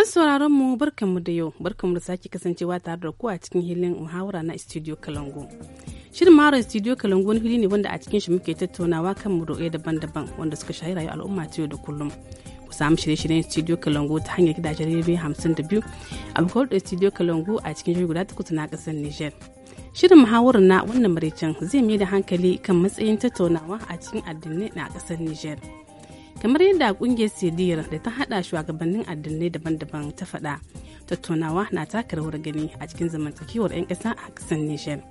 Masu sauraron mu barkanmu da yau, barkanmu da sake kasancewa tare da ku a cikin hilin muhawara na Studio kalangu Shirin Mara Studio kalangu wani hili ne wanda a cikin shi muke tattaunawa kan muro'e daban-daban wanda suka shahi rayu al'umma ta yau da kullum. Ku samu shirye-shiryen Studio Kalango ta hanyar gidajen rediyo hamsin da biyu a bakwai da Studio Kalango a cikin shirin guda takwas na ƙasar Nijar. Shirin muhawarar na wannan maraicen zai mai da hankali kan matsayin tattaunawa a cikin addinai na ƙasar Nijar. kamar yadda kungiyar sidira da ta hada shugabannin addinai daban-daban ta faɗa tattaunawa na taka rawar gani a cikin zamantakewar 'yan ƙasa a ƙasar nishan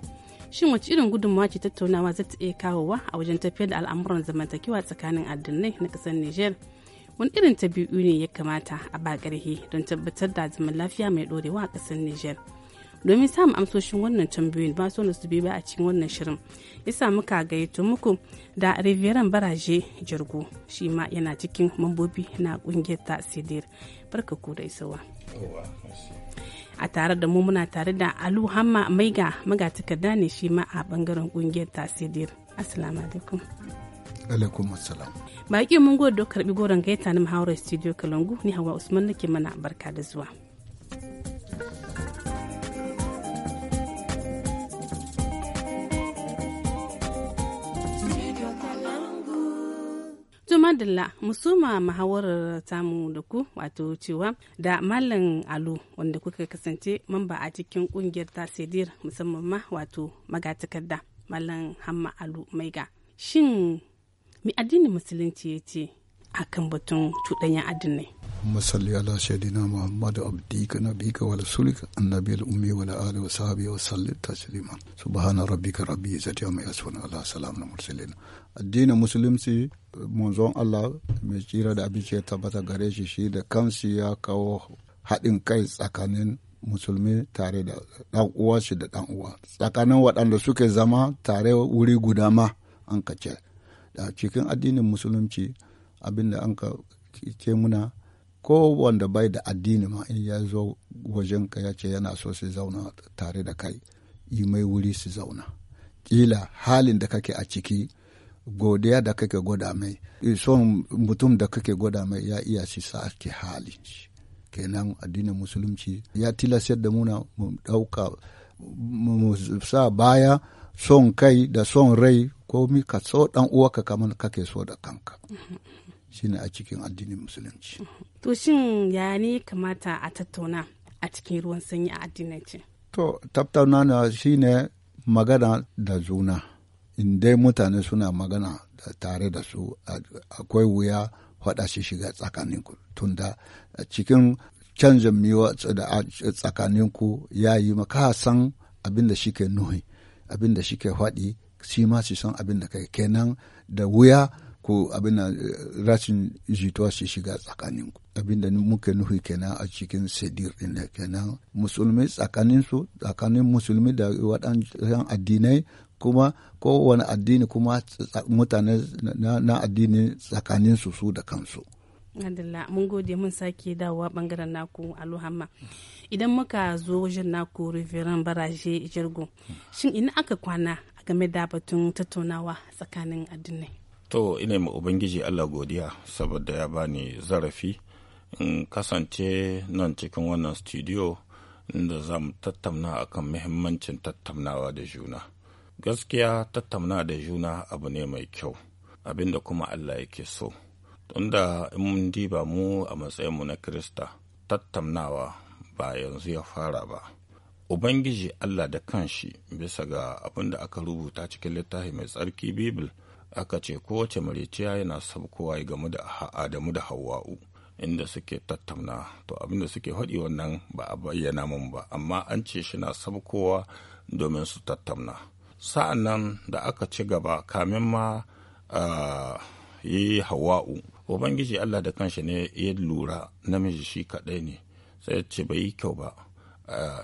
shin wace irin gudunmawa ce tattaunawa za ta iya kawowa a wajen tafiyar da al'amuran zamantakewa tsakanin addinai na ƙasar nijar wani irin ta biyu ne ya kamata a ba karhe don tabbatar da zaman lafiya mai ɗorewa a ƙasar nijar domin samun amsoshin wannan tambayoyin ba su na su ba a cikin wannan shirin isa muka gayyato muku da riveran baraje jirgo shi ma yana cikin mambobi na kungiyar ta sidir barka ku da isowa a tare da mu muna tare da alu hamma maiga magatakarda ne shi ma a bangaren kungiyar ta sidir assalamu alaikum alaikum assalam baki mun gode karbi goron gaita na muhawarar studio kalangu ni hawa usman nake mana barka da zuwa madalla musuma muhawarar tamu da ku wato cewa da malam alu wanda kuka kasance mamba a cikin kungiyar tasidir musamman ma wato magatakarda mallam hamma alu maiga shin mi addinin musulunci ya ce a kan batun cuɗanyen addinai masalli ala shaidina muhammadu abdika bika wa rasulika annabi al-ummi wa ali wa sahbihi wa sallim taslima subhana rabbika rabbi izzati amma yasifun ala na mursalin addinin musulunci munzon Allah mai tsira da abinci ya tabbata gare shi shi da kansu ya kawo haɗin kai tsakanin musulmi tare da ɗan uwa shi da ɗan uwa tsakanin waɗanda suke zama tare wuri guda ma an kace da cikin addinin musulunci abin da an ka ce muna ko wanda bai da addini ma in ya zo ka ya ce yana so su zauna tare da kai yi mai wuri su zauna kila halin da kake a ciki godiya da kake gwada mai son mutum da kake gwada mai ya iya shi sa halin shi kenan addinin musulunci ya tilastar da muna mu ɗauka mu sa baya son kai da son rai ko mi ka so ɗan uwaka kamar kake so da kanka shine a cikin addinin musulunci to shin ya ne kamata a tattauna a cikin ruwan sanyi a addinanci? to tattauna shine magana da zuna in mutane suna magana tare da su akwai wuya faɗa shi shiga tsakaninku tunda cikin canjin miwa tsakaninku ya yi maka san abin da shi ke nuhi abin da shi ke faɗi shi ma su san abin da kai kenan da wuya ko abin da eh, rashin jituwa shi shiga tsakanin ku abin da muke nufi kenan a cikin sadir din kenan musulmi tsakanin su tsakanin musulmi da waɗannan addinai kuma kowane addini kuma mutane na addini tsakanin su su da kansu Alhamdulillah mun gode mun sake dawowa bangaren naku alhamma idan muka zo wajen naku riveran baraje jirgo shin ina aka kwana game da batun tattaunawa tsakanin addinai To ina ma Ubangiji Allah godiya saboda ya bani zarafi in kasance nan cikin wannan studio inda za mu tattauna akan muhimmancin tattaunawa da juna. Gaskiya tattauna da juna abu ne mai kyau abinda kuma Allah yake so. Tunda in mun diba mu a matsayinmu na Kirista tattaunawa ba yanzu ya fara ba. Ubangiji Allah da kanshi bisa ga abinda aka rubuta cikin littafi mai tsarki Bibil. aka ce kowace mariciya yana sabkowa ya gamu da adamu da hawa'u inda suke tattauna to abinda suke haɗi wannan ba a bayyana mun ba amma an ce shi na sabkowa domin su tattauna sa'annan da aka ci gaba kamin ma yi hawa'u ubangiji allah da kanshi ne ya lura namiji shi kaɗai ne sai ya ce bai yi kyau ba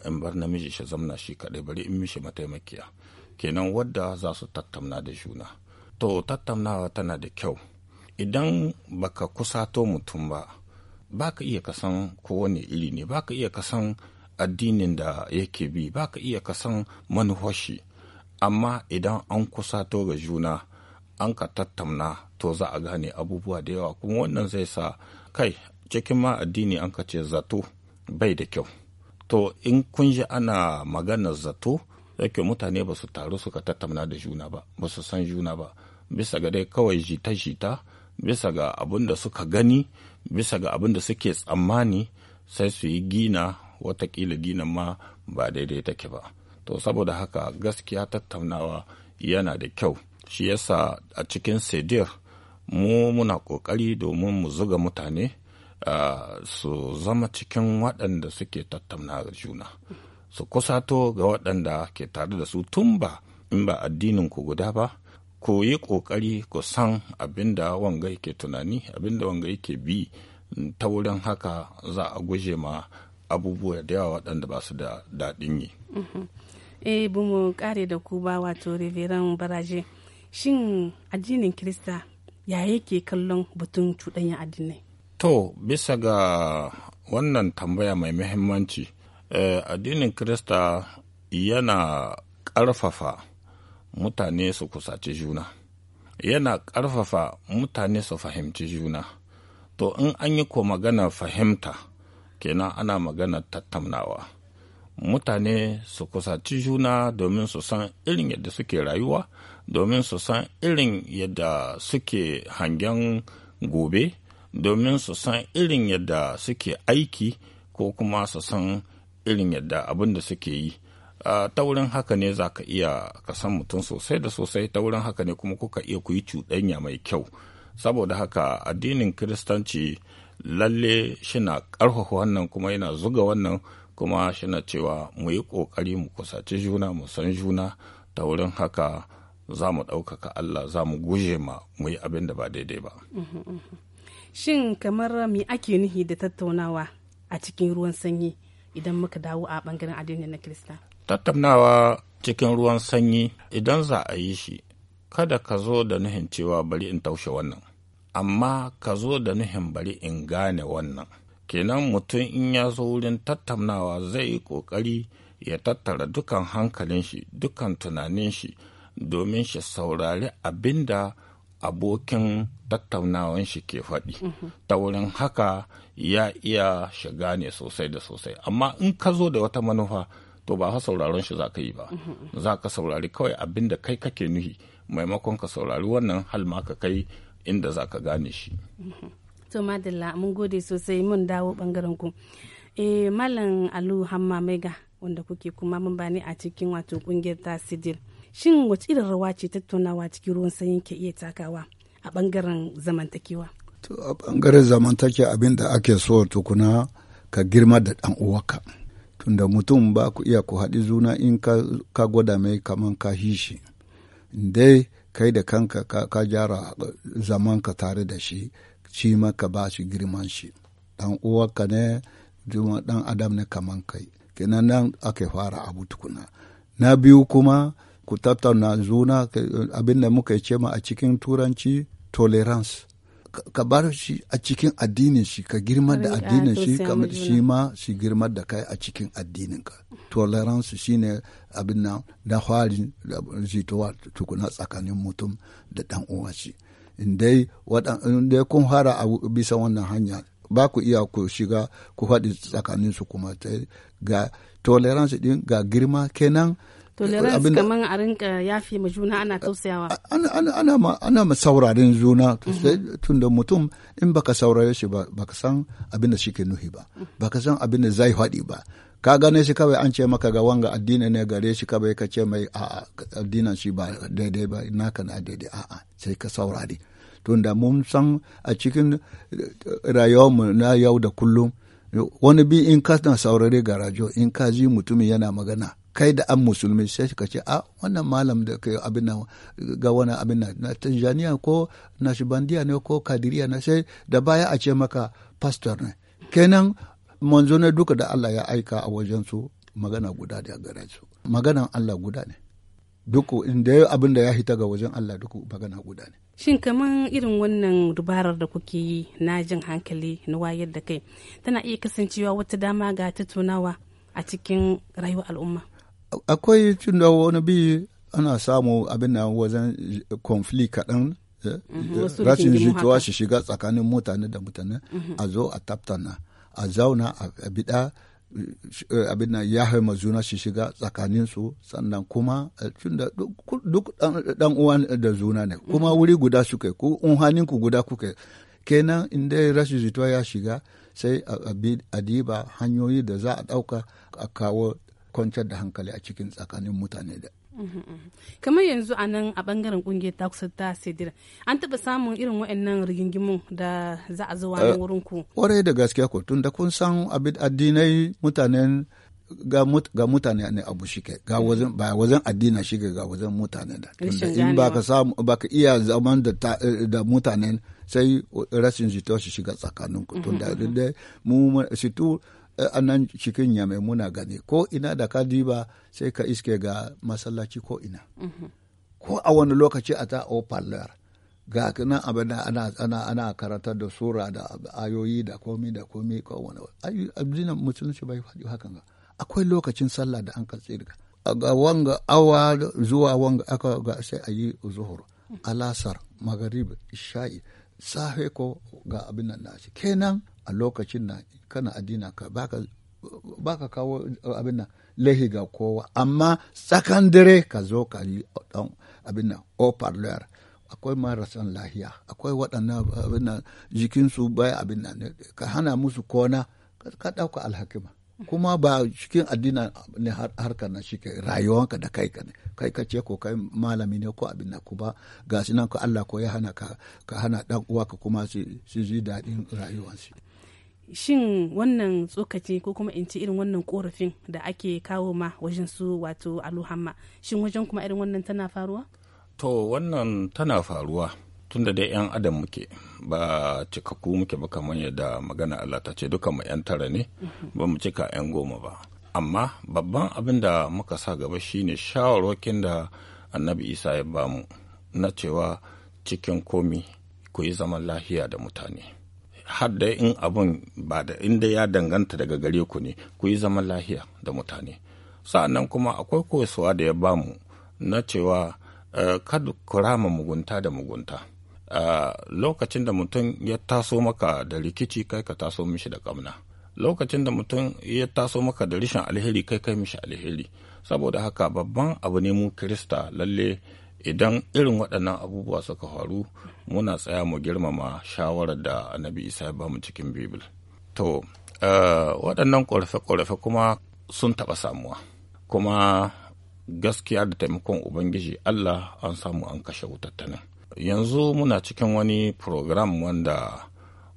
in bar namiji shi zamna shi kaɗai bari in mishi mataimakiya kenan wadda za su tattauna da juna to tattaunawa tana da kyau idan baka kusato mutum ba ka iya kasan kowane iri ne ba ka iya kasan addinin da yake bi ba ka iya kasan manuhoshi amma idan an kusato ga juna an ka tattauna to za a gane abubuwa da yawa kuma wannan zai sa kai cikin ma addini an ka ce zato bai da kyau to in kun ji ana maganar zato yake mutane ba su taru suka tattauna da juna ba ba su san juna ba bisa ga dai kawai jita-jita bisa ga abin da suka gani bisa ga abin da suke tsammani sai su yi gina watakila gina ma ba daidai take ba to saboda haka gaskiya tattaunawa yana da kyau shi yasa a cikin sedir mu muna ƙoƙari domin mu zuga mutane su zama cikin waɗanda suke tattauna da juna su kusato ga waɗanda ke tare da su tun ba in ba addinin ku guda ba ku yi ƙoƙari ku san abin da wanga yake tunani abin da wanga yake bi ta wurin haka za a guje ma abubuwa da yawa waɗanda ba su da daɗin yi. Mhm. eh bu mu kare da ku ba wato reveren baraje shin addinin kirista ya yake kallon batun cuɗanya addinai to bisa ga wannan tambaya mai muhimmanci eh, addinin kirista yana ƙarfafa mutane su kusaci juna yana ƙarfafa mutane su fahimci juna to in an yi ko magana fahimta kenan ana magana tattaunawa mutane su kusaci juna domin su san irin yadda suke rayuwa domin su san irin yadda suke hangen gobe domin su san irin yadda suke aiki ko kuma su san irin yadda abin da suke yi ta wurin haka ne za ka iya ka san mutum sosai da sosai ta wurin haka ne kuma kuka iya ku yi cuɗanya mai kyau saboda haka addinin kiristanci lalle shina ƙarfafa wannan kuma yana zuga wannan kuma na cewa mu yi ƙoƙari mu kusaci juna mu san juna ta wurin haka za mu ɗaukaka Allah za mu guje ma mu yi abin da ba daidai ba. Shin kamar me ake nuhi da tattaunawa a cikin ruwan sanyi idan muka dawo a ɓangaren addinin na Kirista? tattaunawa cikin ruwan sanyi idan za a yi shi kada ka zo da nuhin cewa bari in taushe wannan amma ka zo da nuhin bari in gane wannan kenan mutum in ya zo wurin tattaunawa zai yi ƙoƙari ya tattara dukan hankalin shi dukan tunanin shi domin shi saurari abin da abokin tattaunawan shi ke faɗi mhm. ta wurin haka ya iya shiga ne sosai da sosai amma in ka zo da wata manufa to ba ha sauraron shi za ka yi ba za ka saurari kawai abin da kai kake nuhi maimakon ka saurari wannan halma ka kai inda za ka gane shi to madalla mun gode sosai mun dawo bangaren ku eh malam alu hamma mega wanda kuke kuma mun bani a cikin wato kungiyar tasidil shin wace irin rawa ce tattaunawa cikin ruwan sanyin ke iya takawa a bangaren zamantakewa to a bangaren zamantake abin da ake so tukuna ka girma da dan uwaka tunda mutum ba ku iya ku haɗi juna in ka gwada mai kaman ka hi shi dai kai da kanka ka gyara ka tare da shi shi maka ba shi girman shi dan uwarka ne juma dan adam ne kaman kai kenan nan ake fara abu tukuna na biyu kuma ku tattauna juna abin da muka ce ma a cikin turanci tolerance ka bar shi a cikin addinin shi ka girma da addinin shi kamar shi ma shi girma da kai a cikin addinin ka tolerance ne abin nan da hwari da zitowa tukuna tsakanin mutum da dan uwa shi indai wadan kun fara a bisa wannan hanya ba ku iya ku shiga ku faɗi tsakanin su kuma ga tolerance din ga girma kenan tolerance kaman a rinka yafi ma juna ana tausayawa ana ma ana ma sauraren juna mhm. tun da mutum in baka saurare shi ba baka san abin da shike nuhi ba mhm. baka san abin da zai faɗi ba ka gane shi kawai an ce maka ga wanga addini ne gare shi kawai ka ce mai a addinin shi ba daidai ba ka na daidai a'a sai ka saurare da mun san a cikin eh, rayuwarmu na yau da kullum wani bi in ka na saurare garajo in ka ji mutumin yana magana kai da an musulmi sai ka ce a ah, wannan malam da ke abin ga wannan abin na tanzania ko nashibandiya ne ko kadiriya na sai da baya a ce maka pastor ne kenan manzo ne duka da allah ya aika a wajen su magana guda da gare su maganan allah guda ne duku inda ya abin da ya hita ga wajen Allah duku magana guda ne. Shin kaman irin wannan dubarar da kuke yi na jin hankali na wayar da kai tana iya kasancewa wata dama ga tattaunawa a cikin rayuwar al'umma? akwai tun da wani bi ana samu abin da wajen konfli kaɗan eh, mhm. rashin jituwa shi shiga tsakanin mutane da mutane mhm. a zo a taftana a zauna a bida eh, abin nan ya haima juna shi shiga tsakanin su sannan kuma tunda eh, duk dan uwa da juna ne kuma mhm. wuri guda su kai ku unhanin ku guda kuke kenan inda rashin jituwa ya shiga sai a diba hanyoyi da za a ɗauka a kawo kwanciyar da hankali a cikin tsakanin mutane da kamar yanzu a nan a bangaren kungiyar ta kusa ta sedira an taba samun irin waɗannan rigingimu da za a zo wani eh, wurin ku ƙwarai da gaskiya ko tun da kun san abin addinai mutanen ga mutane ne abu shike ga wajen ba wajen addina shi ga wajen mutane da in ba ka samu ba ka iya zaman da eh, da sai rashin jito shi shiga tsakanin ku mhm, tun mhm, mhm. da mu situ Eh, a nan cikin mai muna gani ko ina da ka diba sai ka iske ga masallaci ko ina mhm. ko a wani lokaci a ta opalar ga nan abin da ana ana ana karantar da sura da ayoyi da komi da komi ko wani addinin musulunci bai faɗi hakan ga akwai lokacin sallah da an katse daga ga wanga awa zuwa wanga aka ga sai a yi zuhur mhm. alasar magarib isha'i safe ko ga abin nan nashi kenan a lokacin na kana addina ka baka kawo eh, abin nan lahi ga kowa amma tsakan dare ka zo ka yi oh, dan abin nan oparleur akwai marasan lahiya akwai waɗannan eh, abin nan jikinsu bai abin nan eh, ka hana musu kona ka ɗauka alhakima kuma ba cikin addina ne harkar na shi rayuwanka da kai ne kai ka ce ko kai malami ne ko abin na kuma ga shi nan ko Allah ko ya hana ka hana dan uwa ka kuma su ji daɗin rayuwarsu shin wannan tsokaci ko kuma in ce irin wannan korafin da ake kawo ma wajen su wato aluhamma shin wajen kuma irin wannan tana faruwa to wannan tana faruwa tunda dai yan adam muke ba cikakku muke ba kamar yadda magana Allah ta ce dukan mu yan tara ne mhm. ba mu cika yan goma ba amma babban abin da muka sa gaba shine shawarwakin da annabi isa ya bamu na cewa cikin komi ku yi zaman lahiya da mutane har da in abun ba da inda ya danganta daga gare ku ne ku yi zaman lahiya da mutane sa'annan kuma akwai koyaswa da ya ba mu na cewa eh, kada ku rama mugunta da mugunta eh, lokacin da mutum ya taso maka da rikici kai ka taso mishi da kamna lokacin da mutum ya taso maka da rishin alheri kai kai mishi alheri saboda haka babban abu ne mu kirista lalle idan irin waɗannan abubuwa suka faru muna tsaya mu girmama shawarar da annabi isa ya bamu cikin bibil to eh, waɗannan ƙorafe-ƙorafe kuma sun taɓa samuwa kuma gaskiya da taimakon ubangiji allah an samu an kashe wutattanin yanzu muna cikin wani program wanda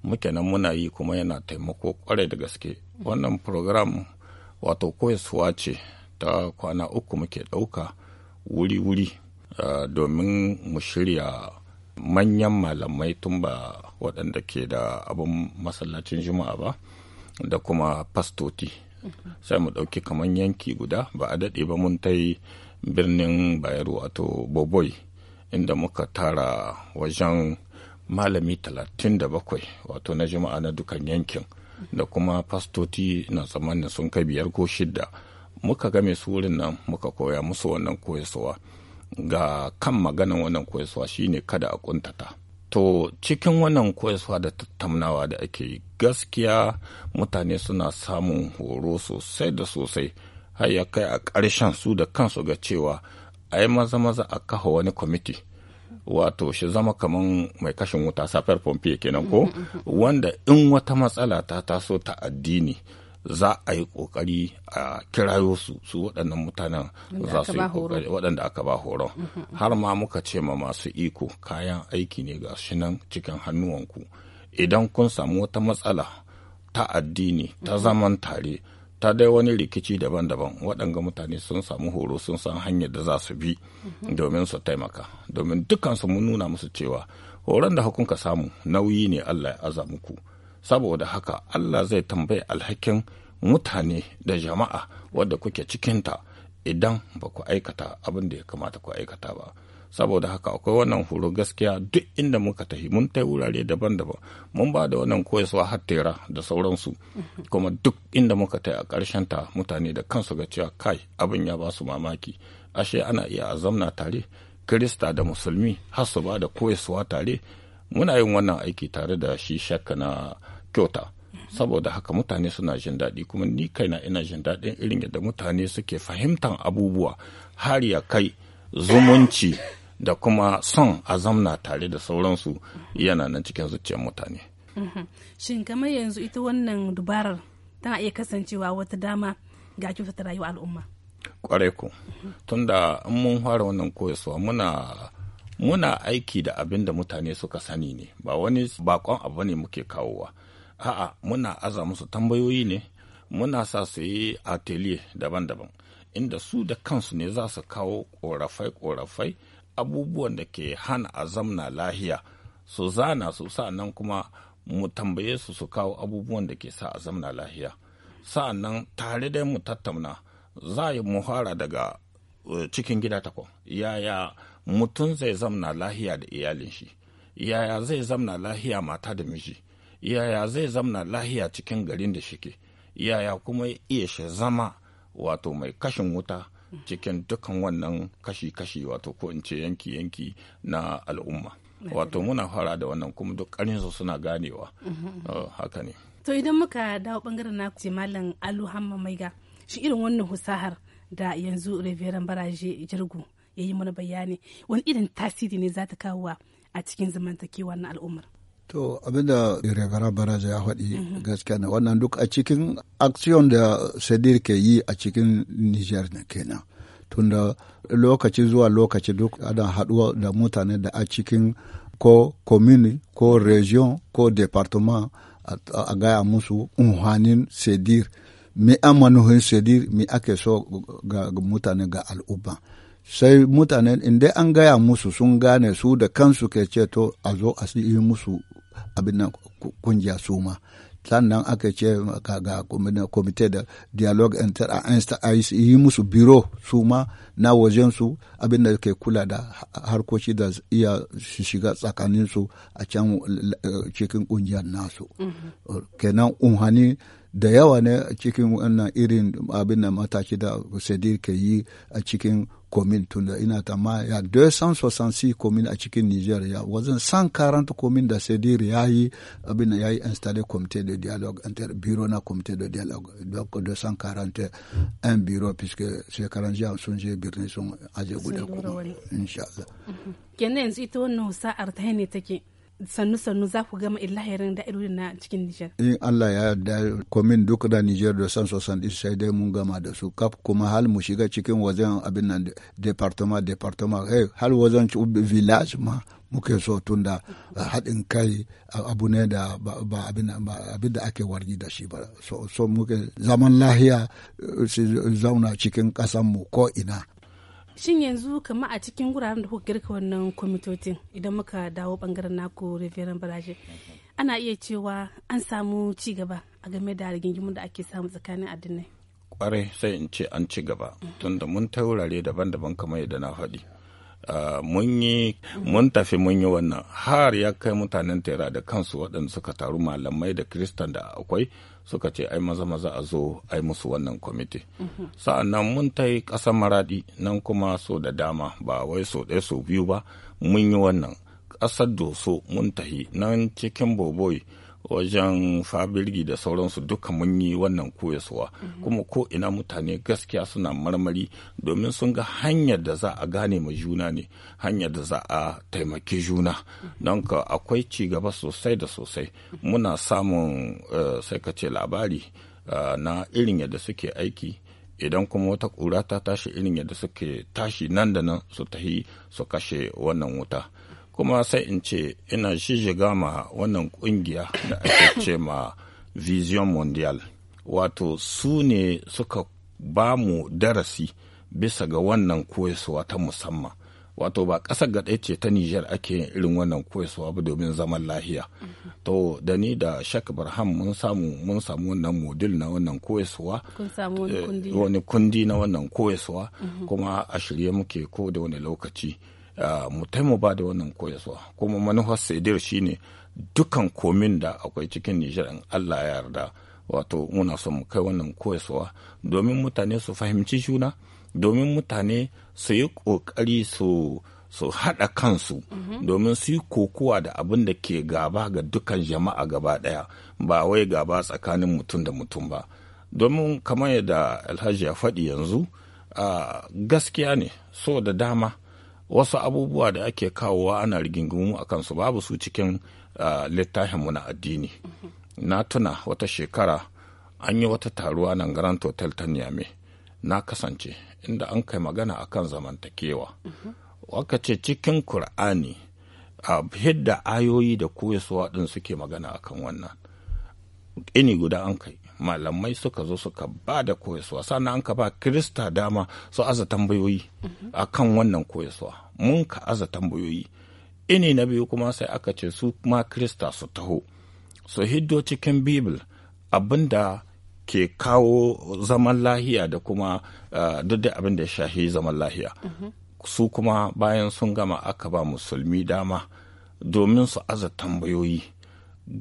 muke nan muna yi kuma yana taimako kwarai da gaske wannan program wato koyaswa ce ta kwana uku muke ɗauka wuri-wuri Ah, domin mu shirya manyan malamai tun ba waɗanda ke da abin masallacin juma'a ba da kuma fastoti sai mu ɗauki kamar yanki guda ba a daɗe ba mun ta birnin bayero wato boboi inda muka tara wajen malami 37 wato na juma'a na dukan yankin da kuma fastoti na tsammanin sun kai biyar ko shidda muka game su wurin nan muka koya musu wannan koyasowa. ga kan maganan wannan koyaswa shine kada a kuntata to cikin wannan koyaswa da tattaunawa da ake yi gaskiya mutane suna samun horo sosai da sosai har ya kai a ƙarshen su da kansu ga cewa a yi maza maza a kafa wani kwamiti wato shi zama kamar mai kashin wuta safar pompe kenan ko mm-hmm, mm-hmm. wanda in wata matsala ta taso ta addini za a yi ƙoƙari a kirayo su su waɗannan mutanen za su yi ƙoƙari waɗanda aka ba horon mm-hmm, mm-hmm. har ma muka ce ma masu iko kayan aiki ne ga shi nan cikin hannuwanku idan kun samu wata matsala ta addini ta mm-hmm. zaman tare ta dai wani rikici daban-daban waɗanga mutane sun samu horo sun san hanyar da za su bi domin su taimaka domin dukansu mun nuna musu cewa horon da hukunka samu nauyi ne allah ya aza muku saboda haka Allah zai tambayi alhakin mutane da jama'a wadda kuke cikinta idan ba ku aikata abin da ya kamata ku aikata ba saboda haka akwai wannan horo gaskiya duk inda muka tafi mun tai wurare daban-daban mun ba da wannan koyaswa hattera da sauransu kuma duk inda muka tai a karshen ta mutane da kansu ga cewa kai abin ya ba su mamaki ashe ana iya azamna tare kirista da musulmi har su ba da koyaswa tare muna yin wannan aiki tare da shi shakka na kyauta saboda haka mutane suna jin daɗi kuma ni kaina ina jin daɗin irin yadda mutane suke fahimtar abubuwa har ya kai zumunci da kuma son a zamna tare da sauransu yana nan cikin zuciyar mutane mhm. shin kamar yanzu ita wannan dubarar tana iya kasancewa wata dama ga kyautata rayuwar al'umma kwarai ku tunda in mun fara wannan koyaswa muna muna aiki da abin da mutane suka sani ne ba wani bakon abu ne muke kawowa a'a muna aza musu tambayoyi ne muna sa su yi atelier daban-daban inda su da kansu ne za su kawo korafai-korafai abubuwan da ke hana a zamna lahiya su zana su sa'annan kuma mu tambaye su su kawo abubuwan da ke sa a zamna lahiya sa'annan tare da mu tattauna za mu muhara daga eh, cikin gida takwa yaya mutum zai zamna lahiya da iyalin shi yaya zai zamna lahiya mata da miji yaya zai zamna lahiya cikin garin da shike yaya kuma iya shi zama wato mai kashin wuta cikin dukan wannan kashi-kashi wato ko in ce yanki-yanki na al'umma wato muna fara da wannan kuma duk su suna ganewa mm-hmm. oh, haka ne to idan muka dawo bangaren na ce malam alu hamma maiga shi irin wannan husahar da yanzu reveren baraje jirgu ya yi mana bayani wani irin tasiri ne za ta kawo a cikin zamantakewa na al'ummar. To abinda Revera Baraja ya faɗi gaskiya ne wannan duk a cikin action da Sadir ke yi a cikin Niger na kenan. Tunda lokaci zuwa lokaci duk ana haɗuwa da mutane da a cikin ko komini ko region ko departement a gaya musu unhanin Sadir. mi an manuhin Sadir me ake so ga mutane ga al'umma. sai mutanen dai an gaya musu sun gane su da kansu ke ce to a zo a yi musu abin nan kungiya su ma sannan aka ce ga komite da dialogue inter a yi musu biro su ma na su abin da ke kula da harkoki da iya shiga tsakaninsu a can eh, cikin kungiyar nasu mm-hmm. kenan unhani da yawa ne cikin wannan irin abin da mataki da sadir ke yi a cikin komin tunda ina ma ya 266 komin a cikin Niger ya san karanta komin da Sedir ya yi abin ya yi installé comité de dialogue inter bureau na comité de dialogue donc un bureau puisque shekaran jiya sun je birni sun aje guda kuma insha Allah kenan zito no wannan sa'ar ta ne take sannu-sannu za ku gama illahirin da'irorin na cikin Nijar. In Allah ya yarda komin duk da Nijar da san sosan sai dai mun gama da su kaf kuma hal mu shiga cikin wajen abin nan departement departement hey, eh, hal wajen village ma muke so tun da eh, haɗin kai abu ne da ba abin da ake wargi da shi ba so muke zaman lahiya eh, su zauna cikin ƙasanmu ko ina shin yanzu kama a cikin wuraren da kuka girka wannan kwamitocin idan muka dawo bangaren naku reveren baraje ana iya cewa an samu ci gaba a game da rigingimu da ake samu tsakanin addinai kwarai sai in ce an ci gaba tunda mun ta wurare daban-daban kamar yadda na faɗi Ah, mun yi mun tafi mun yi wannan har ya kai mutanen tera da kansu waɗanda suka taru malamai da kristan da akwai suka ce ai maza maza a zo ai musu wannan kwamiti mhm. sa'annan mun ta yi ƙasa maraɗi nan kuma so da dama ba wai so ɗaya so biyu ba mun yi wannan ƙasar doso mun ta yi nan cikin boboi wajen fabirgi da sauransu duka mun yi wannan koyaswa mhm. kuma ko ina mutane gaskiya suna marmari domin sun ga hanyar da za a gane ma juna ne hanyar da za a taimaki juna mhm. don ka akwai ci gaba sosai da sosai muna samun eh, sai ka ce labari eh, na irin yadda suke aiki idan kuma wata ƙura ta tashi irin yadda suke tashi nan da nan su tahi su kashe wannan wuta kuma sai in ce ina shiga ma wannan kungiya da ake ce ma vision mondial wato su ne suka ba mu darasi bisa ga wannan koyaswa ta musamman wato ba ƙasar gaɗai ce ta Nijar ake irin wannan koyaswa ba domin zaman lahiya. Mhm. To da ni da Shak Barham mun samu mun samu wannan modul na wannan koyaswa. Eh, wani kundi na wannan koyaswa mhm. kuma a shirye muke ko da wani lokaci. Ah, mu ba da wannan koyaswa kuma manufar shi ne dukan komin da akwai cikin nijar in allah ya yarda wato muna son mu kai wannan koyaswa domin mutane su fahimci juna domin mutane su yi ƙoƙari su su haɗa kansu mhm. domin su yi kokowa da abin da ke gaba ga dukan jama'a gaba ɗaya ba wai gaba tsakanin mutum da mutum ba domin kamar yadda alhaji ya faɗi yanzu ah, gaskiya ne so da dama wasu abubuwa da ake kawowa ana rigingimu a kansu babu su cikin littafinmu na addini na tuna wata shekara an yi wata taruwa nan grand hotel ta niyame na kasance inda an kai magana a kan zamantakewa waka ce cikin kur'ani a hidda ayoyi da koyaswa din suke magana a kan wannan ini guda an kai malamai suka zo suka ba da koyaswa sannan an ka ba kirista dama su aza tambayoyi a kan wannan koyaswa mun ka aza tambayoyi ini na biyu kuma sai aka ce su ma kirista su taho su hiddo cikin bibil abin da ke kawo zaman lahiya da kuma ah, duk da abin da ya shahi zaman lahiya su kuma bayan sun gama aka ba musulmi dama domin su aza tambayoyi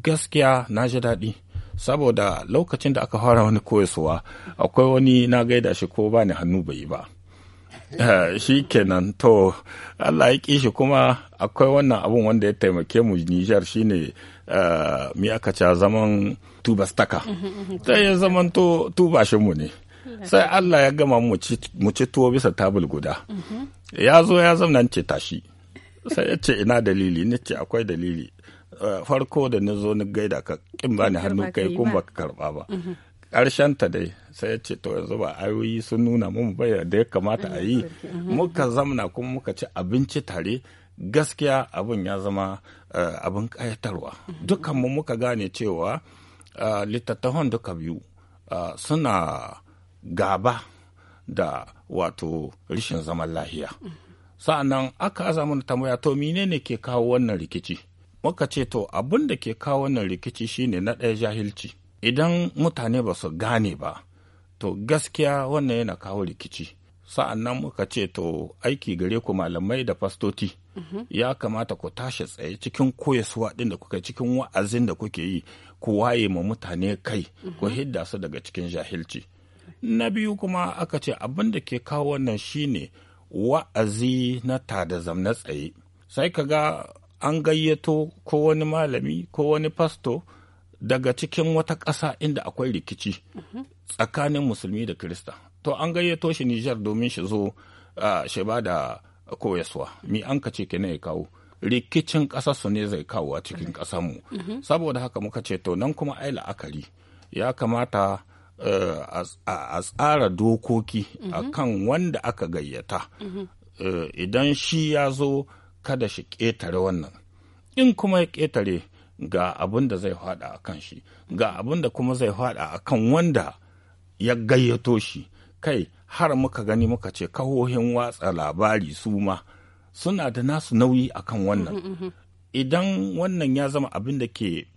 gaskiya na ji daɗi saboda lokacin da aka fara wani koyaswa akwai wani na gaida shi ko bani hannu bai ba eh, shi kenan to allah ya kishi kuma akwai wannan abun wanda ya taimake mu nijar shine eh, mi aka ca zaman tubastaka sai ya zaman to mu ne sai allah ya gama mu ci tuwo bisa tabul guda ya zo ya zamna ce tashi sai ya ce ina dalili ni ce akwai dalili farko da na zo ni gaida ka kin ba ni hannu kai kun baka karba ba mm-hmm. ƙarshen ta dai sai ya ce to yanzu ba ayoyi sun nuna mun bai da ya kamata a yi mm-hmm. Mm-hmm. muka zamna kuma muka ci abinci tare gaskiya abin ya zama eh, abin ƙayatarwa mu muka gane cewa eh, littattafan duka biyu eh, suna gaba da wato rishin zaman lahiya sa'annan aka aza mana tambaya to menene ke kawo wannan rikici muka ce to abin da ke kawo wannan rikici shine na ɗaya jahilci idan mutane ba su gane ba to gaskiya wannan yana kawo rikici sa'an nan muka ce to aiki gare ku malamai da fastoti mhm. ya kamata ku tashi tsaye cikin koyaswa ɗin da kuka cikin wa'azin da kuke yi ku waye ma mutane kai ku mhm. hidda su daga cikin jahilci na biyu kuma aka ce abin da ke kawo wannan shine wa'azi na tada zamna tsaye sai ka ga an gayyato ko wani malami ko wani fasto daga cikin wata ƙasa inda akwai rikici tsakanin musulmi da kirista to an gayyato shi nijar domin shi zo shi ba da koyaswa mi an ka ce kenan ya kawo rikicin su ne zai kawo a cikin ƙasarmu saboda haka muka ce to nan kuma ai la'akari ya kamata e, a tsara dokoki a kan wanda aka gayyata e, idan shi ya zo kada shi ƙetare wannan in kuma ya ƙetare ga abin da zai faɗa a kan shi ga abin da kuma zai faɗa a kan wanda ya gayyato shi kai har muka gani muka ce kahohin watsa labari su ma suna da nasu nauyi a kan wannan mm-hmm, mm-hmm. idan wannan ya zama abin da ke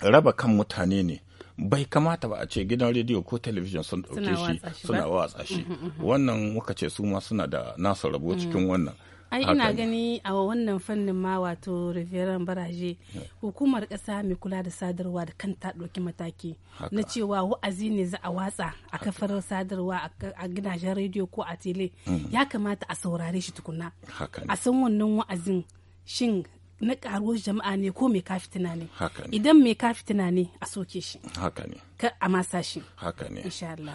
raba kan mutane ne bai kamata ba a ce gidan rediyo ko talabijin sun ɗauke shi suna watsa shi mm-hmm, wannan muka ce su ma suna da nasu rabo cikin mm. wannan ai ina gani a wannan fannin ma wato reveren baraje hukumar ƙasa mai kula da sadarwa da kanta ɗauki mataki na cewa wa'azi ne za a watsa a kafar sadarwa a gidajen rediyo ko a tele mm. ya kamata a saurare shi tukuna a san wannan wa'azin shin na karuwar jama'a ne ko mai kafi fitina ne idan mai kafi fitina ne a soke shi haka ne ka a masa shi haka ne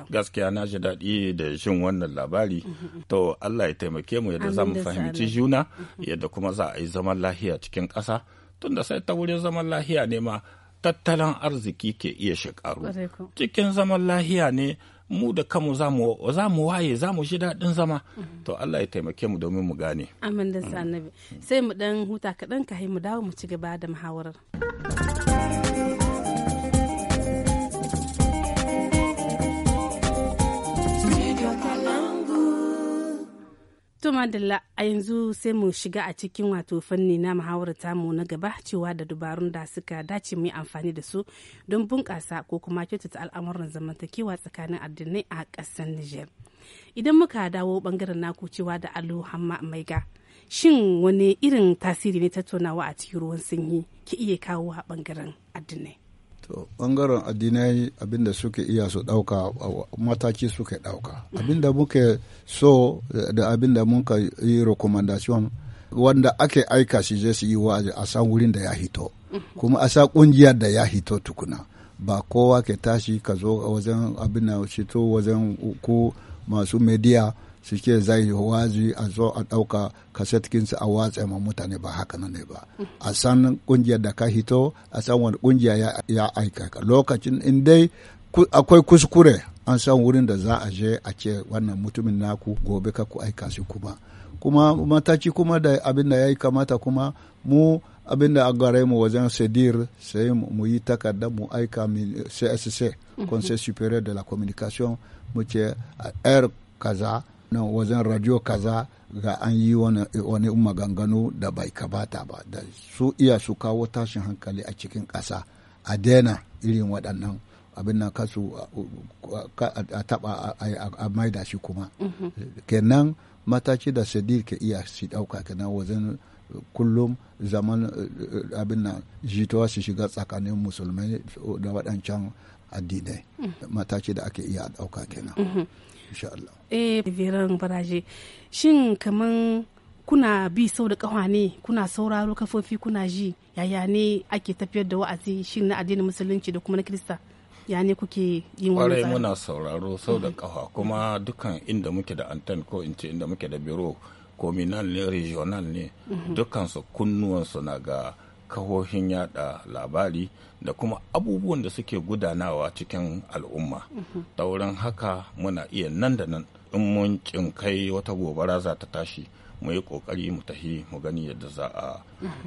gaskiya na ji daɗi da jin wannan labari mm-hmm. to Allah ya taimake mu yadda zamu fahimci juna mm-hmm. yadda kuma za a yi zaman lahiya cikin ƙasa tunda sai ta wurin zaman lahiya ne ma tattalin arziki ke iya shekaru cikin zaman lahiya ne mu da kanmu za mu waye za mu shi daɗin zama to Allah ya taimake mu domin mu gane amin da annabi sai mu ɗan huta kaɗan ka mu dawo mu ci gaba da muhawarar To Madalla a yanzu sai mu shiga a cikin wato fanni na muhawar tamu na gaba cewa da dubarun da suka dace mu amfani da su don bunƙasa ko kuma kyautata al'amuran zamantakewa tsakanin addinai a ƙasar niger Idan muka dawo bangaren naku cewa da Alu Hamma Maiga, shin wani irin tasiri ne tattaunawa a cikin ruwan sanyi ki iya kawo a bangaren addinai? to bangaren addinai abinda suke iya su dauka mataki suke dauka abinda muke so da abinda muka yi recommendation wanda ake aika shi zai su yi wa a san wurin da ya hito kuma a sa kungiya da ya hito tukuna ba kowa ke tashi ka zo wajen abin shi to wajen ku masu media suke zai wazi a zo a ɗauka kasetkinsu a watsa ma mutane ba haka nan ne ba a san ƙungiyar da ka hito a san wani ƙungiya ya aika lokacin in dai akwai kuskure an san wurin da za a je a ce wannan mutumin naku gobe ka ku aika su kuma kuma mataci kuma da abin da ya kamata kuma mu abin da gare mu wajen sedir sai mu yi takarda mu aika csc mhm. conseil supérieur de la communication mu ce air kaza na wajen radio kaza ga an yi wani maganganu da bai kabata ba da su iya su kawo tashin hankali a cikin kasa a daina irin waɗannan abin nan kasu a taɓa a maida shi kuma mhm. kenan mataki da sadir ke iya shi ɗauka kenan wajen kullum zaman abin nan jitowa su shiga tsakanin musulmai da waɗancan addinai mhm. mataki da ake iya ɗauka kenan mhm. insha Allah eh veran baraje shin kaman kuna bi sau da kawa ne kuna sauraro kafofi kuna ji yaya ne ake tafiyar da wa'azi shin na addinin musulunci da kuma na kirista ya ne kuke yin wani tsari muna sauraro sau da kawa kuma dukkan inda muke da anten ko in ce inda muke da biro communal ne regional ne mhm. dukkan su kunnuwansu na ga kahohin yada labari da kuma abubuwan da suke gudanawa cikin al'umma ta wurin haka muna iya nan da nan in mun kai wata gobara za ta tashi mu yi kokari mu tahi mu gani yadda za a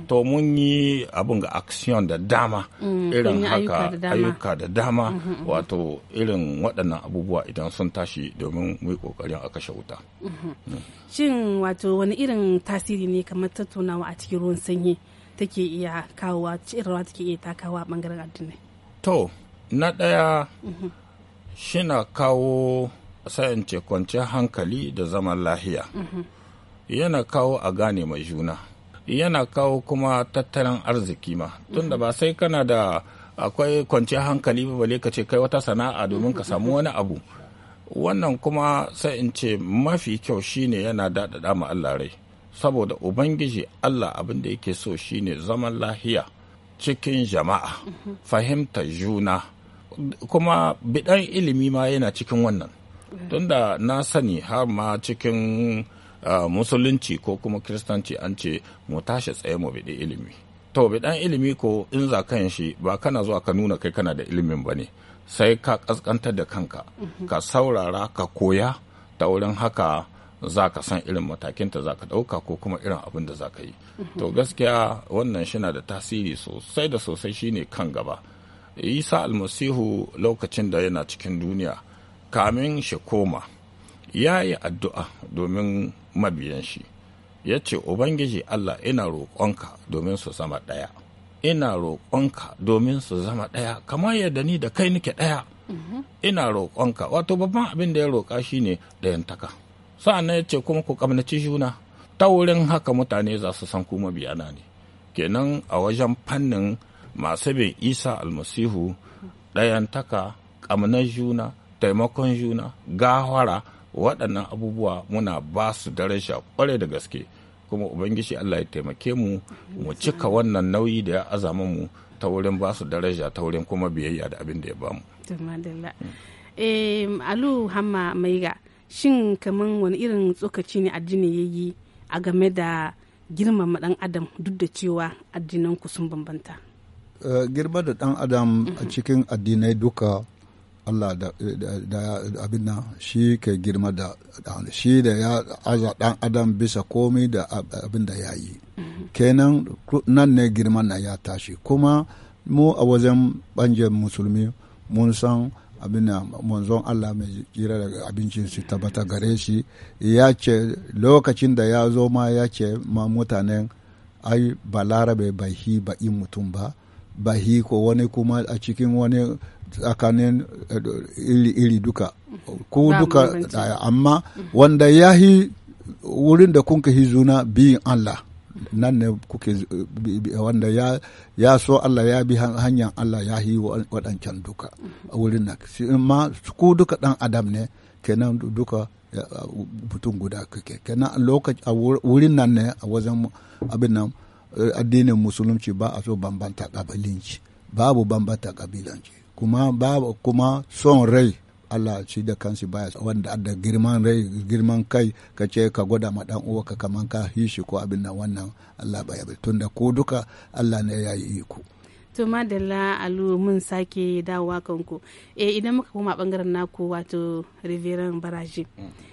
to mun yi abin ga action da dama mm, irin haka ayyuka da dama mm, mm, wato irin waɗannan abubuwa idan sun tashi domin mu yi kokarin a kashe wuta mm-hmm. shin wato wani irin tasiri ne kamar tattaunawa a cikin ruwan sanyi take iya kawowa cikin rawa take iya takawa bangaren addinai to na ɗaya shina kawo sayan ce kwanciyar hankali da zaman lahiya yana kawo a gane mai juna yana kawo kuma tattalin arziki ma tunda ba sai kana da akwai kwanciyar hankali ba bale ka ce kai wata sana'a domin ka samu wani abu wannan kuma sai in ce mafi kyau shine yana daɗaɗa ma Allah rai saboda ubangiji allah abin da yake so shine zaman lahiya cikin jama'a fahimta juna kuma bidan ilimi ma yana cikin wannan tunda na sani har ma cikin musulunci ko kuma kiristanci an ce mu tashi tsaye mu biɗi ilimi to biɗan ilimi ko in za kan shi ba kana zuwa ka nuna kai kana da ilimin ba ne sai ka ƙasƙantar da kanka ka saurara ka koya ta wurin haka za ka san irin matakin ta za ka ɗauka ko kuma irin abin da za ka yi to gaskiya wannan shina da tasiri sosai da sosai shine kan gaba isa almasihu lokacin da yana cikin duniya kamin shi koma ya yi addu'a domin mabiyan shi ya ce ubangiji allah ina roƙonka domin su zama ɗaya ina roƙonka domin su zama ɗaya kamar yadda ni da kai nake ɗaya ina roƙonka wato babban abin da ya roƙa shine taka sa'an nan ya ce kuma ku kamnaci juna ta wurin haka mutane za su san kuma biyana ne kenan a wajen fannin masu bin isa almasihu ɗayantaka kamnar juna taimakon juna gahara waɗannan abubuwa muna ba su daraja kware da gaske kuma ubangiji allah ya taimake mu mu cika wannan nauyi da ya azama mu ta wurin ba su daraja ta wurin kuma biyayya da abin da ya bamu. alu hamma maiga shin kaman wani irin tsokaci ne addini ya yi a game da girmama dan adam duk da cewa addinanku sun bambanta eh, girma da dan adam a cikin addinai duka Allah da abin shi ke girma da shi da ya aza dan adam bisa komi da abin da ya yi kenan nan ne girman na ya tashi kuma mu a wajen banjar musulmi mun san abin manzon Allah mai jira daga abincin su tabbata gare shi ya ce lokacin da ya zo ma ya ce ma mutanen ai balarabe bai hi ba in mutum ba bahi ko wani kuma a cikin wani tsakanin eh, iri duka ku duka eh, amma wanda ya hi wurin da kunka ka hi zuna biyin Allah nan ne kuke wanda ya so Allah ya bi hanyar Allah ya yi waɗancan duka a wurin nan shi ma ku duka ɗan adam ne kenan duka mutum guda kake kenan lokaci a wurin nan ne a wajen abin nan eh, addinin musulunci ba a so bambanta ƙabilanci babu bambanta kabilanci kuma babu kuma son rai Allah shi da kansu baya wanda da girman rai girman kai ka ce ka gwada ma dan uwa ka kaman ka hishi ko abin nan wannan Allah baya bai tunda ko duka Allah ne ya yi iko to madalla alu mun sake dawowa kanku eh idan muka koma bangaren naku wato riveran baraji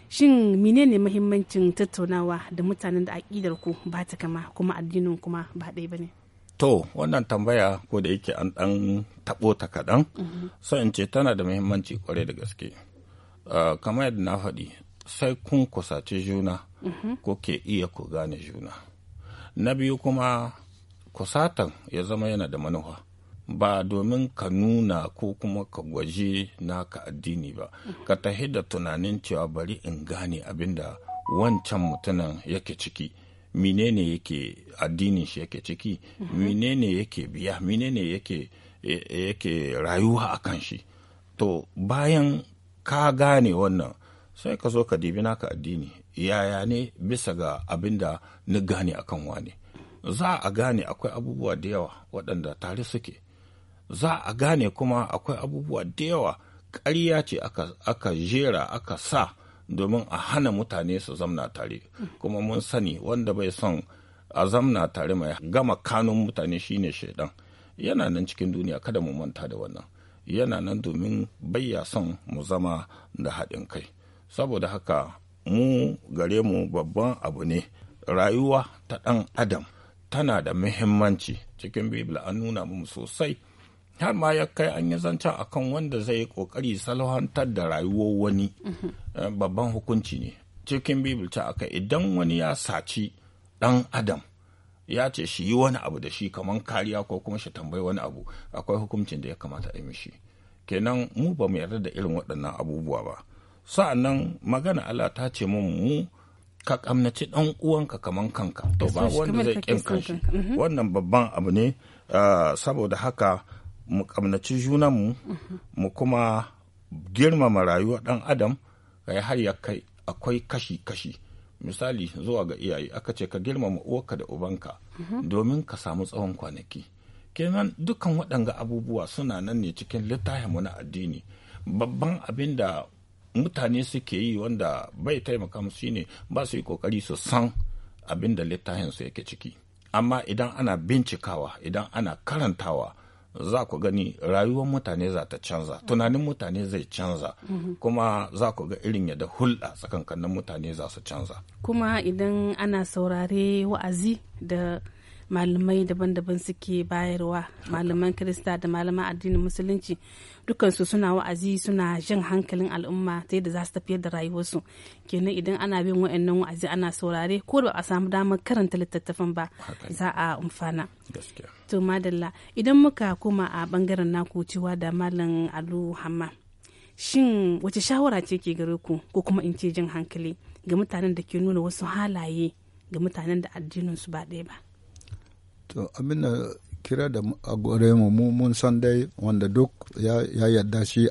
shin menene muhimmancin tattaunawa da mutanen da aƙidar ku ba ta kama kuma addinin kuma ba ɗaya bane To, wannan tambaya ko da yake an ɗan taɓo ta kaɗan, so in ce tana da muhimmanci kwarai da gaske. Ah, kamar yadda na faɗi, sai kun kusaci juna ko ke iya ku gane juna. Na biyu kuma kusatan ya zama yana da manufa. Ba domin ka nuna ko kuma ka gwaji naka addini ba, ka tahi da tunanin cewa bari in gane abinda wancan mutumin yake ciki. menene yake addinin shi yake ciki mhm. menene yake biya menene yake e, yake rayuwa a kan shi to bayan ka gane wannan sai ka zo ka dibi naka addini yaya ne bisa ga abin da na gane akan wane za a gane akwai abubuwa da yawa waɗanda tare suke za a gane kuma akwai abubuwa da yawa ƙarya ce aka, aka jera aka sa domin a hana mutane su zamna tare kuma mun sani wanda bai son a zamna tare mai gama kanun mutane shine shaidan yana nan cikin duniya kada mu manta da wannan yana nan domin bayya son mu zama da haɗin kai saboda haka mu gare mu babban abu ne rayuwa ta ɗan adam tana da muhimmanci cikin bibla an nuna mu sosai har ma ya kai an yi zancen kan wanda zai yi kokari salwantar da rayuwar wani eh, babban hukunci ne cikin bibil ta aka idan wani ya saci dan adam ya ce shi yi wani abu da shi kamar kariya ko kuma shi tambayi wani abu akwai hukuncin da ya kamata a yi mishi kenan mu ba mu yarda da irin waɗannan abubuwa ba sa'annan magana Allah ta ce mun mu ka kamnaci dan uwanka kamar kanka to ba wanda zai kin kanshi mhm. wannan babban abu ne ah, saboda haka mu kamnaci junanmu mu mu kuma girmama rayuwar ɗan adam kai har ya kai akwai kashi-kashi misali zuwa ga iyaye aka ce ka girmama uwarka da ubanka domin ka samu tsawon kwanaki kenan dukkan waɗanga abubuwa suna nan ne cikin littafinmu na addini babban abin da mutane suke yi wanda bai taimaka musu shine ba su yi kokari su san abin da littafin su yake ciki amma idan ana bincikawa idan ana karantawa za ku gani rayuwar mutane za ta canza tunanin mutane zai canza kuma za ku ga irin yadda hulɗa tsakankanin mutane za su canza kuma idan ana saurare wa'azi da malamai daban-daban suke bayarwa malaman kirista da malaman addinin musulunci dukansu suna wa'azi suna jan hankalin al'umma ta yadda za su tafiyar da rayuwarsu kenan idan ana bin wa'annan wa'azi ana saurare ko ba a samu damar karanta littattafan ba za a amfana to madalla idan muka koma a bangaren naku cewa da malam alu Hama shin wace shawara ce ke gare ku ko kuma in ce jin hankali ga mutanen da ke nuna wasu halaye ga mutanen da addininsu ba ɗaya ba to abin da kira da a gore mu mun san dai wanda duk ya yarda shi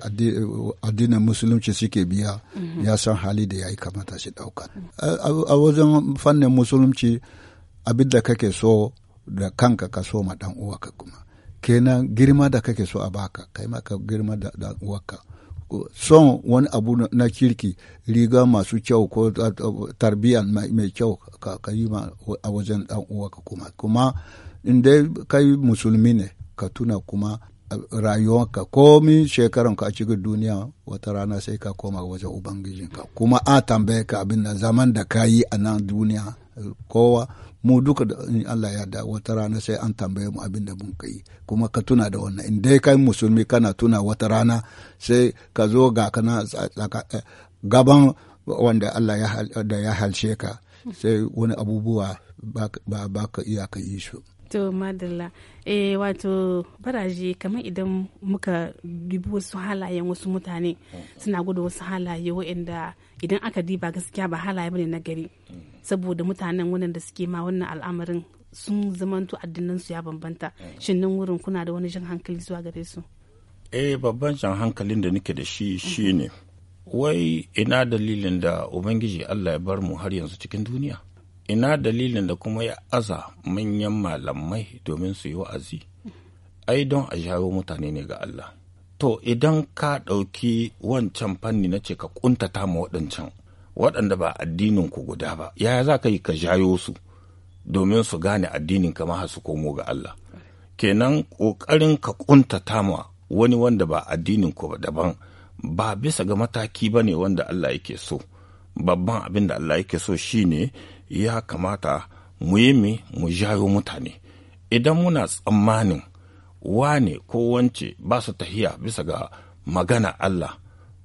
addinin musulunci suke biya mhm. ya san hali da ya yi kamata shi ɗauka. A wajen fannin musulunci abin da kake so da kanka ka so ma uwaka kuma. Kenan girma da kake so a baka, kai maka girma da uwaka. son wani abu na kirki riga masu kyau ko tarbiyya mai kyau ka yi a wajen dan uwa kuma kuma inda kai musulmi ne ka tuna kuma rayuwanka komi shekaranka a cikin duniya wata rana sai ka koma wajen ubangijinka kuma a tambaye ka abin da zaman da ka yi a nan duniya kowa mu duka da Allah ya da wata rana sai an tambaye mu abin da mun kai kuma ka tuna da wannan in dai kai musulmi kana tuna wata rana sai ka zo ga kana eh, gaban wanda Allah ya da ya halshe ka sai wani abubuwa ba ka iya ka yi su to madalla eh wato baraje kamar idan muka dubi wasu halayen wasu mutane suna gudu wasu halaye waɗanda idan aka diba gaskiya ba halaye bane na gari saboda mutanen wannan da suke ma wannan al'amarin sun zamanto addinan su ya bambanta shin nan wurin kuna da wani jan hankali zuwa gare su eh babban jan hankalin da nake da shi shine wai ina dalilin da ubangiji Allah ya bar mu har yanzu cikin duniya ina dalilin da kuma ya aza manyan malamai domin su yi wa'azi ai don a jawo mutane ne ga Allah to idan ka ɗauki wancan fanni na ce ka ƙuntata ma waɗancan waɗanda ba addinin ku guda ba yaya za ka yi ka jayo su domin su gane addinin ka maha su komo ga Allah kenan ƙoƙarin ka ƙuntata ma wani wanda ba addinin ku ba daban ba bisa ga mataki ba ne wanda Allah yake so babban abin da Allah yake so shine ne ya kamata mu yi mi mu jayo mutane idan muna tsammanin wane ko wance ba su tahiya bisa ga magana Allah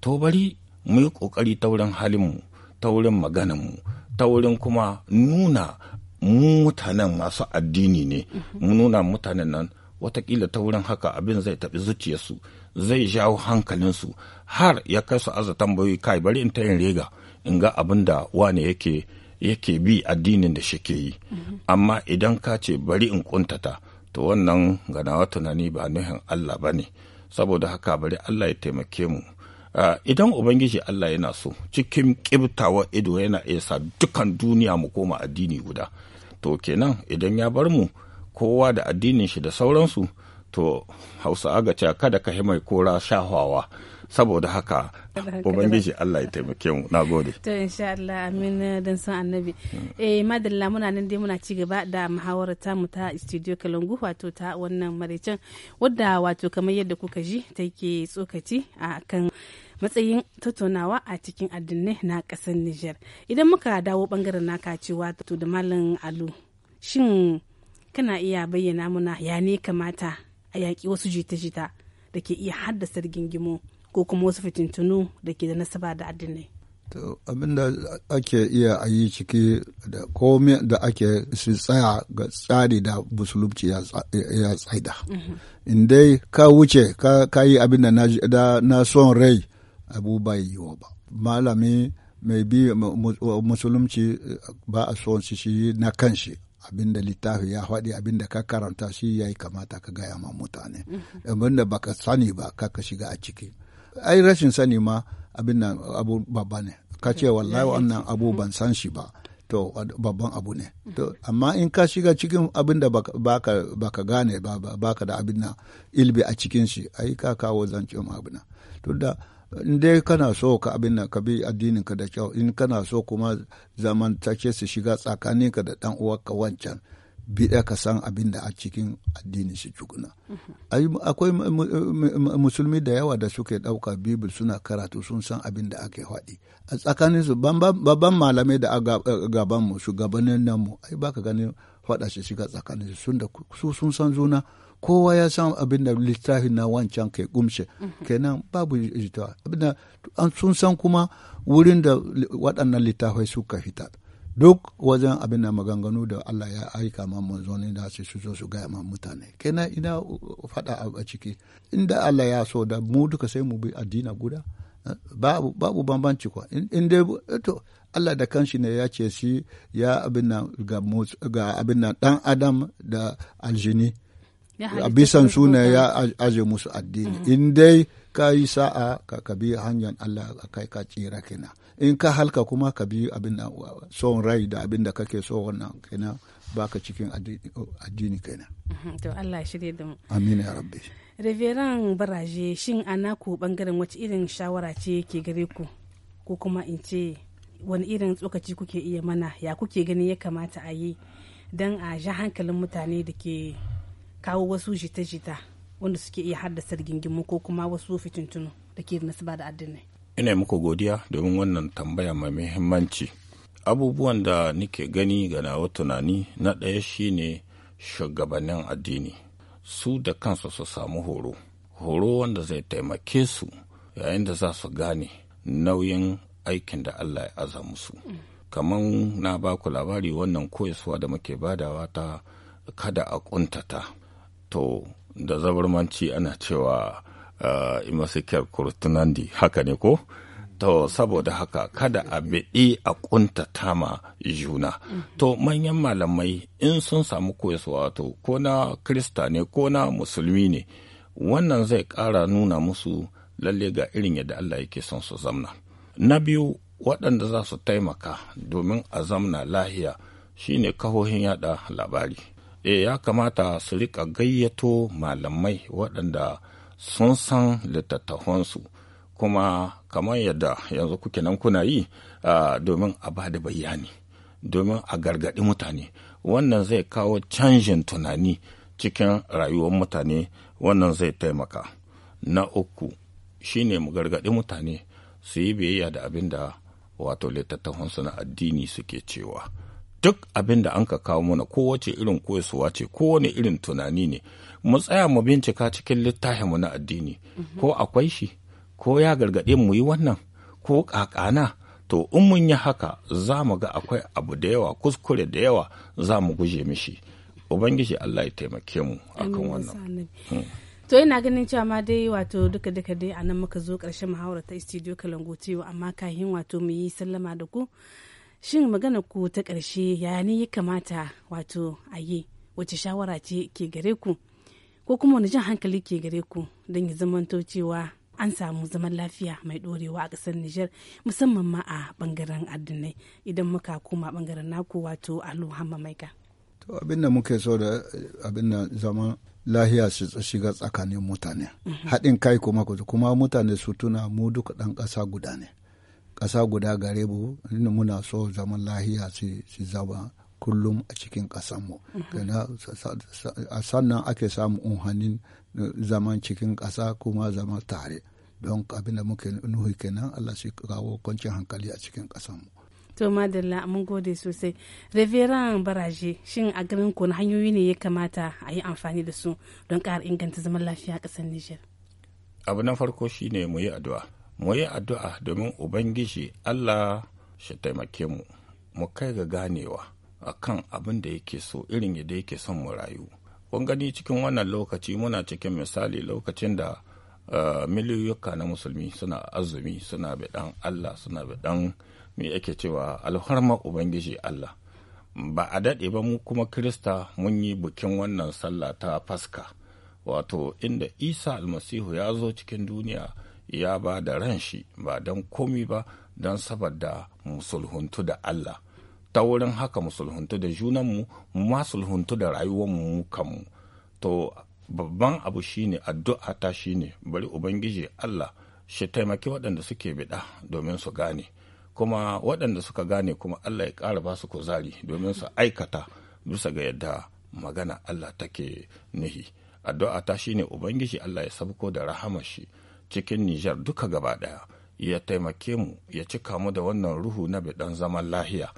to bari mu yi ƙoƙari ta wurin halinmu ta wurin magananmu ta wurin kuma nuna mu mutanen masu addini ne mu nuna mutanen nan watakila ta wurin haka abin zai taɓi zuciyarsu zai jawo hankalinsu har ya kai su aza tambayoyi kai bari in ta yin rega in ga abin da wane yake yake bi addinin da shike yi amma idan ka ce bari in kuntata to wannan ganawa tunani ba nuhin Allah ba ne saboda haka bari Allah ya taimake mu idan ubangiji Allah yana so cikin kibtawa ido yana iya sa dukan duniya mu koma addini guda to kenan idan ya bar mu kowa da addinin shi da sauransu to hausa aga kada ka mai kora shahawa saboda haka ubangiji Allah ya taimake mu na gode to insha Allah amin dan san annabi eh madalla muna nan dai muna ci gaba da muhawarar ta mu ta studio Kalangu wato ta wannan maraicin wadda wato kamar yadda kuka ji take tsokaci a kan matsayin tattaunawa a cikin addinai na ƙasar Nijar idan muka dawo bangaren naka cewa to da malam Alu shin kana iya bayyana muna ya ne kamata a yaƙi wasu jita-jita da ke iya haddasa rigingimu ko kuma wasu fitintunu da ke da nasaba da addinai. To abin da ake iya a yi ciki da komai da ake su tsaya ga tsari da musulunci ya tsaida. Mhm. In dai ka wuce ka yi abin da na son rai abu yi yiwa ba. Malami mai bi musulunci ba a son shi na kanshi abinda littafi ya faɗi abinda ka karanta shi ya yi kamata ka gaya ma mutane abinda baka sani ba ka ka shiga a ciki ai rashin sani ma abin abu babba ne ka ce wallahi wannan abu ban mm. san shi ba to babban abu ne mm. to amma in ka shiga cikin abin da baka baka gane ba baka da abin nan ilbi a cikin shi ai ka kawo ma abin to da in dai kana so ka abin nan ka bi addinin ka da kyau in kana so kuma zamantake su shiga tsakanin ka da dan uwarka wancan bi ka san abin da a cikin addinin shi juguna mhm. akwai musulmi da yawa da suke ɗauka bibil suna karatu sun san abin da ake faɗi a tsakanin su babban malamai da gaban mu shugabannin nan mu ai baka gani faɗa shi shiga tsakanin su sun san zuna kowa ya san abin da littafin na wancan kai kumshe mhm. kenan babu jitawa abin an sun san kuma wurin da waɗannan littafai suka fita duk wajen abin da maganganu da Allah ya aika ma manzoni da su su zo su gaya ma mutane kenan ina uh, faɗa a ciki inda Allah ya so da mu duka sai mu bi addina guda eh, babu babu bambanci kuwa in eh, to Allah da kanshi ne ya ce shi ya abin nan ga abin nan dan adam da aljini a bisan suna ya aje musu addini mm-hmm. in dai ka yi sa'a ka kabi hanyar Allah a kai ka tsira kina in ka halka kuma ka bi abin da son rai da abin da kake so wannan kina baka cikin addini kina mm-hmm. to Allah shirye da mu amin ya rabbi reverend baraje shin ana ku bangaren wace irin shawara ce ke gare ku ko kuma in ce wani irin tsokaci kuke iya mana ya kuke gani ya kamata a yi don a ja hankalin mutane da ke kawo wasu jita-jita wanda suke iya haddasa rigingimu ko kuma wasu fitintunu da ke nasaba da addinai ina muku godiya domin wannan tambaya mai muhimmanci abubuwan da nike gani ga nawa tunani na ɗaya shine shugabannin addini su da kansu su samu horo horo wanda zai taimake su yayin da za su gane nauyin aikin da allah ya aza musu kamar na baku labari wannan koyaswa da muke badawa ta kada a kuntata to da zabarmanci ana cewa uh, eh, imasikiyar kurtunandi haka ne ko to saboda haka kada a biɗi a ƙuntata tama juna to manyan malamai in sun samu koyaswa to ko na krista ne ko na musulmi ne wannan zai ƙara nuna musu lalle ga irin yadda allah yake son su zamna na biyu waɗanda za su taimaka domin a zamna lahiya shine kahohin yada labari e ya kamata su rika gayyato malamai waɗanda sun san littattafansu kuma kamar yadda yanzu kuke nan kuna yi ah, domin a ba da bayani domin a gargaɗi mutane wannan zai kawo canjin tunani cikin rayuwar mutane wannan zai taimaka na uku shine mu gargaɗi mutane su yi biyayya da abinda wato littattafansu na addini suke cewa duk abin da an ka kawo mana kowace irin koyasuwa ce kowane irin tunani ne mu tsaya mu bincika cikin littafin mu na addini ko akwai shi ko ya gargaɗe mu yi wannan ko kakana to in mun yi haka za mu ga akwai abu da yawa kuskure da yawa za mu guje mishi ubangiji allah ya taimake mu akan wannan hmm. to ina ganin cewa ma dai wato duka duka dai anan muka zo karshen muhawara ta studio kalangotiyo amma kahin wato mu yi sallama da ku shin magana ku ta ƙarshe yayani ya kamata wato a yi wace shawara ce ke gare ku ko kuma wani jan hankali ke gare ku don ya zamanto cewa an samu zaman lafiya mai ɗorewa a ƙasar Nijar musamman ma a ɓangaren addinai idan muka koma bangaren naku wato Alu hama Maika. To da muke so da da zaman lahiya su shiga tsakanin mutane. Mhm. Haɗin kai kuma kuma mutane su tuna mu duka ɗan ƙasa guda ne. ƙasa guda gare mu muna so zaman lahiya su zama kullum a cikin ƙasanmu sannan ake samu unhanin eh, zaman cikin ƙasa kuma zama tare don abin da muke nuhi kenan Allah shi kawo kwancin hankali a cikin ƙasanmu to madalla mun gode sosai reveran baraje shin a ganin ku hanyoyi ne ya kamata a yi amfani da su don ƙara inganta zaman lafiya a ƙasar niger abu na farko shine mu yi addu'a mu yi addu'a domin ubangiji allah shi taimake mu mu kai ga ganewa a kan abin da yake so irin yadda yake son mu rayu kun gani cikin wannan lokaci muna cikin misali lokacin da eh, miliyoyuka na musulmi suna azumi suna bidan allah suna biɗan me yake cewa alharma ubangiji allah ba a daɗe ba mu kuma kirista mun yi bukin wannan sallah ta faska wato inda isa almasihu ya zo cikin duniya ya ba da ran shi ba don komi ba don saboda musulhuntu da Allah ta wurin haka musulhuntu da junanmu mu ma sulhuntu da rayuwar mu kanmu to babban abu shine addu'a ta shine bari ubangiji Allah shi taimaki waɗanda suke biɗa domin su gane kuma waɗanda suka gane kuma Allah ya ƙara ba su kuzari domin su aikata bisa ga yadda magana Allah take nihi addu'a ta shine ubangiji Allah ya sabko da rahama shi cikin Nijar duka gaba ɗaya ya taimake mu ya cika mu da wannan ruhu na biɗan zaman lahiya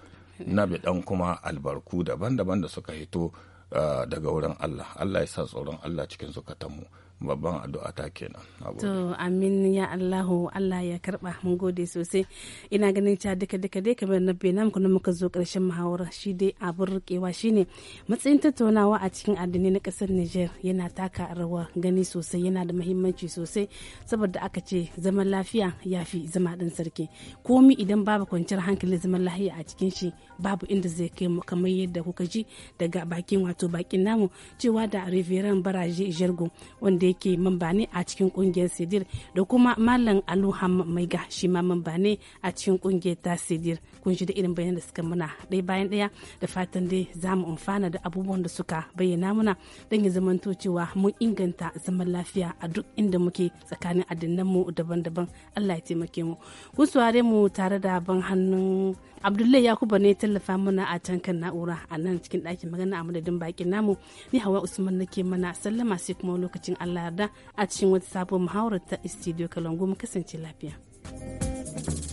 na biɗan kuma albarku daban-daban da suka hito ah, daga wurin Allah Allah ya sa tsoron Allah cikin zukatanmu babban addu'a ta kenan to amin ya allahu allah ya karba mun gode sosai ina ganin cewa duka duka dai kamar na benam kuma muka zo karshen muhawara shi dai abin rikewa shine matsayin tattaunawa a cikin addini na kasar niger yana taka rawa gani sosai yana da muhimmanci sosai saboda aka ce zaman lafiya ya fi zama dan sarki komi idan babu kwanciyar hankali zaman lafiya a cikin shi babu inda zai kai mu kamar yadda kuka ji daga bakin wato bakin namu cewa da riveran baraje jergo wanda yake mamba ne a cikin kungiyar sidir da kuma malam aluhan maiga shi ma mamba ne a cikin kungiyar ta sidir kun shi da irin bayanan da suka muna ɗaya bayan ɗaya da fatan dai za mu amfana da abubuwan da suka bayyana muna don ya zamanto cewa mun inganta zaman lafiya a duk inda muke tsakanin addinan mu daban-daban Allah ya taimake mu kun mu tare da ban hannun abdullahi yakuba ne tallafa mana a tankan na'ura a nan cikin ɗakin magana a madadin bakin namu ni hawa usman nake mana sallama sai kuma lokacin allah yarda a cikin wata sabon muhawarar ta studio kalangu mu kasance lafiya. thank you